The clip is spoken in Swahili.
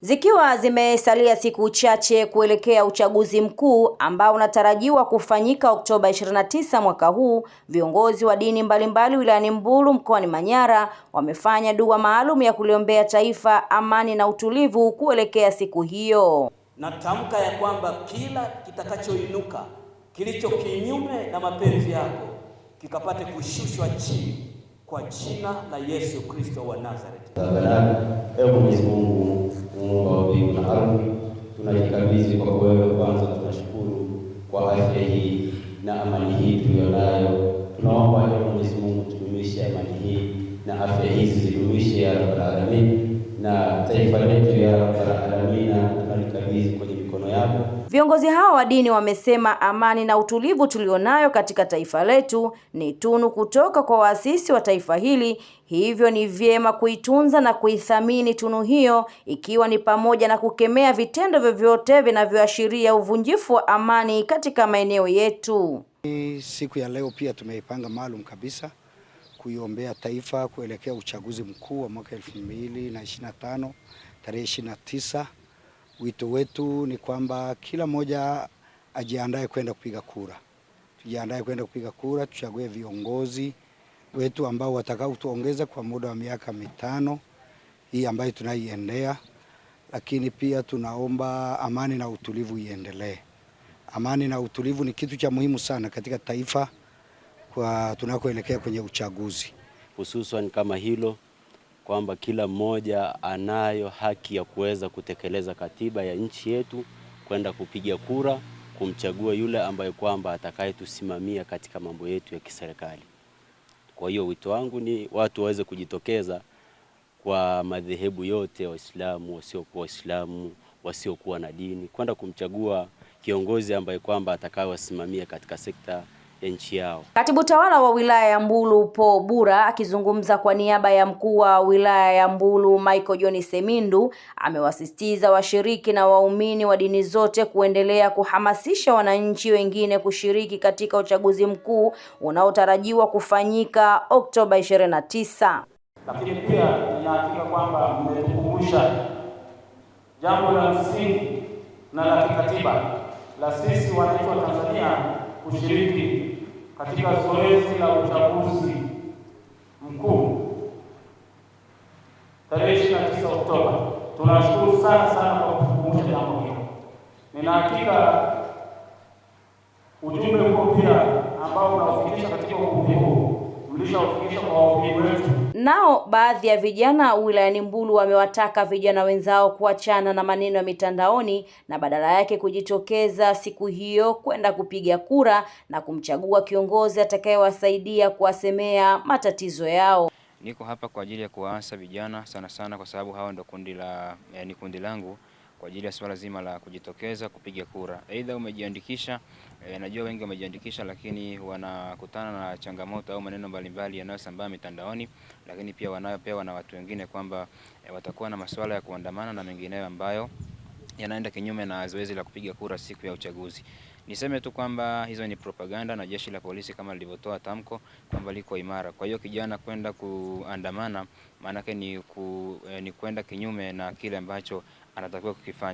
Zikiwa zimesalia siku chache kuelekea uchaguzi mkuu ambao unatarajiwa kufanyika Oktoba 29 mwaka huu, viongozi wa dini mbalimbali wilayani Mbulu mkoani Manyara wamefanya dua maalum ya kuliombea taifa amani na utulivu kuelekea siku hiyo. Natamka ya kwamba kila kitakachoinuka kilicho kinyume na mapenzi yako kikapate kushushwa chini kwa jina la Yesu Kristo wa Nazareti. Hebu Mwenyezi Mungu ardhi, tunaikabidhi kwa wewe. Kwanza tunashukuru kwa afya hii na amani hii tuliyonayo. Tunaomba ee Mwenyezi Mungu tudumishe amani hii na afya hizi zidumishe ya rabbal alamin. Viongozi hao wa dini wamesema amani na utulivu tulionayo katika taifa letu ni tunu kutoka kwa waasisi wa taifa hili, hivyo ni vyema kuitunza na kuithamini tunu hiyo, ikiwa ni pamoja na kukemea vitendo vyovyote vinavyoashiria uvunjifu wa amani katika maeneo yetu. Siku ya leo pia tumeipanga maalum kabisa kuiombea taifa kuelekea uchaguzi mkuu wa mwaka 2025 tarehe 29 Wito wetu ni kwamba kila mmoja ajiandae kwenda kupiga kura, tujiandae kwenda kupiga kura, tuchague viongozi wetu ambao tuongeza kwa muda wa miaka mitano hii ambayo tunaiendea. Lakini pia tunaomba amani na utulivu iendelee. Amani na utulivu ni kitu cha muhimu sana katika taifa kwa tunakoelekea kwenye uchaguzi, hususan kama hilo kwamba kila mmoja anayo haki ya kuweza kutekeleza katiba ya nchi yetu, kwenda kupiga kura kumchagua yule ambaye kwamba atakayetusimamia katika mambo yetu ya kiserikali. Kwa hiyo wito wangu ni watu waweze kujitokeza kwa madhehebu yote, Waislamu, wasiokuwa Waislamu, wasiokuwa na dini, kwenda kumchagua kiongozi ambaye kwamba atakayewasimamia katika sekta ya nchi yao. Katibu tawala wa wilaya ya Mbulu Po Bura akizungumza kwa niaba ya mkuu wa wilaya ya Mbulu Michael John Semindu amewasisitiza washiriki na waumini wa dini zote kuendelea kuhamasisha wananchi wengine kushiriki katika uchaguzi mkuu unaotarajiwa kufanyika Oktoba 29. Lakini pia ninahakika kwamba mmetukumbusha jambo la msingi na la kikatiba la sisi wananchi wa Tanzania kushiriki katika zoezi la uchaguzi mkuu tarehe 29 Oktoba. Tunashukuru sana sana kwa kukumbusha jambo hilo. Nina hakika ujumbe huo pia ambao unaofikisha katika ukumbi huu mlishaufikisha kwa waumini wetu Nao baadhi ya vijana wilayani Mbulu wamewataka vijana wenzao kuachana na maneno ya mitandaoni na badala yake kujitokeza siku hiyo kwenda kupiga kura na kumchagua kiongozi atakayewasaidia kuwasemea matatizo yao. Niko hapa kwa ajili ya kuwaasa vijana sana sana, kwa sababu hao ndio kundi la, yani eh, kundi langu kwa ajili ya swala zima la kujitokeza kupiga kura. Aidha, umejiandikisha e, najua wengi wamejiandikisha, lakini wanakutana na changamoto au maneno mbalimbali yanayosambaa mitandaoni, lakini pia wanayopewa na watu wengine kwamba e, watakuwa na masuala ya kuandamana na mengineyo ambayo yanaenda kinyume na zoezi la kupiga kura siku ya uchaguzi. Niseme tu kwamba hizo ni propaganda na jeshi la polisi kama lilivyotoa tamko kwamba liko imara. Kwa hiyo kijana kwenda kuandamana maanake ni, ku, eh, ni kwenda kinyume na kile ambacho anatakiwa kukifanya.